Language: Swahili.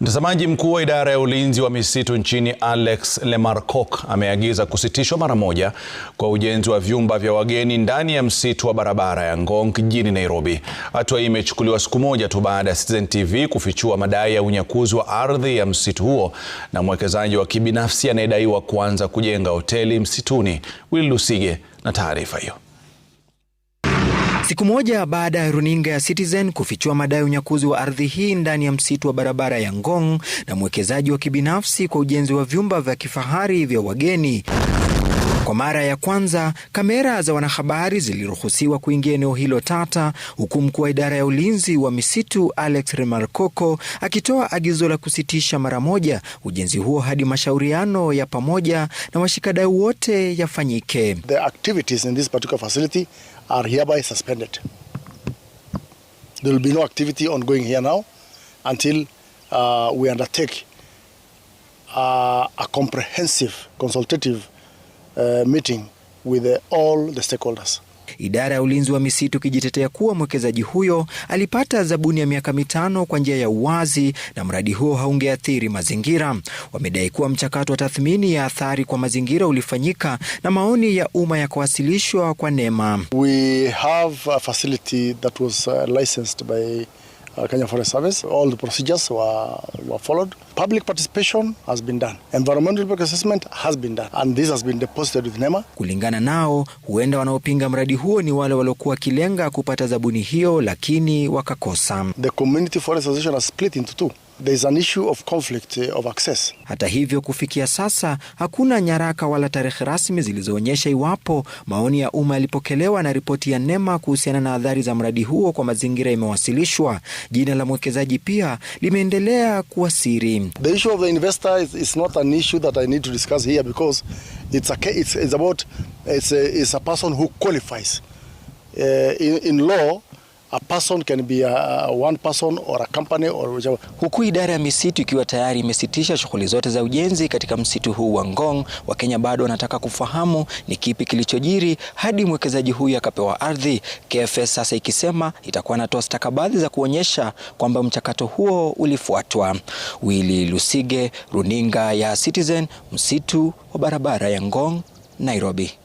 Mtazamaji, mkuu wa idara ya ulinzi wa misitu nchini Alex Lemarcok ameagiza kusitishwa mara moja kwa ujenzi wa vyumba vya wageni ndani ya msitu wa barabara ya Ngong jijini Nairobi. Hatua hii imechukuliwa siku moja tu baada ya Citizen TV kufichua madai ya unyakuzi wa ardhi ya msitu huo na mwekezaji wa kibinafsi anayedaiwa kuanza kujenga hoteli msituni. willusige Lusige na taarifa hiyo. Siku moja baada ya runinga ya Citizen kufichua madai unyakuzi wa ardhi hii ndani ya msitu wa barabara ya Ngong na mwekezaji wa kibinafsi kwa ujenzi wa vyumba vya kifahari vya wageni, kwa mara ya kwanza kamera za wanahabari ziliruhusiwa kuingia eneo hilo tata, huku mkuu wa idara ya ulinzi wa misitu Alex Remarkoko akitoa agizo la kusitisha mara moja ujenzi huo hadi mashauriano ya pamoja na washikadau wote yafanyike are hereby suspended. There will be no activity ongoing here now until uh, we undertake uh, a comprehensive consultative uh, meeting with all the stakeholders. Idara ya ulinzi wa misitu ikijitetea kuwa mwekezaji huyo alipata zabuni ya miaka mitano kwa njia ya uwazi na mradi huo haungeathiri mazingira. Wamedai kuwa mchakato wa tathmini ya athari kwa mazingira ulifanyika na maoni ya umma yakawasilishwa kwa NEMA. We have a facility that was uh, licensed by uh, Kenya Forest Service. All the procedures were, were followed. Public participation has been done. Environmental impact assessment has been done. And this has been deposited with NEMA. Kulingana nao, huenda wanaopinga mradi huo ni wale waliokuwa kilenga kupata zabuni hiyo lakini wakakosa. The community forest association has split into two. There is an issue of conflict eh, of access. Hata hivyo kufikia sasa hakuna nyaraka wala tarehe rasmi zilizoonyesha iwapo maoni ya umma yalipokelewa na ripoti ya NEMA kuhusiana na adhari za mradi huo kwa mazingira imewasilishwa. Jina la mwekezaji pia limeendelea kuwa siri. The issue of the investor is, is not an issue that I need to discuss here because it's a, it's, it's about it's a, it's a person who qualifies uh, in, in law A person can be a one person or a company or whichever. Huku idara ya misitu ikiwa tayari imesitisha shughuli zote za ujenzi katika msitu huu wa Ngong, Wakenya bado wanataka kufahamu ni kipi kilichojiri hadi mwekezaji huyu akapewa ardhi. KFS sasa ikisema itakuwa inatoa stakabadhi za kuonyesha kwamba mchakato huo ulifuatwa. Wili Lusige, runinga ya Citizen, msitu wa barabara ya Ngong, Nairobi.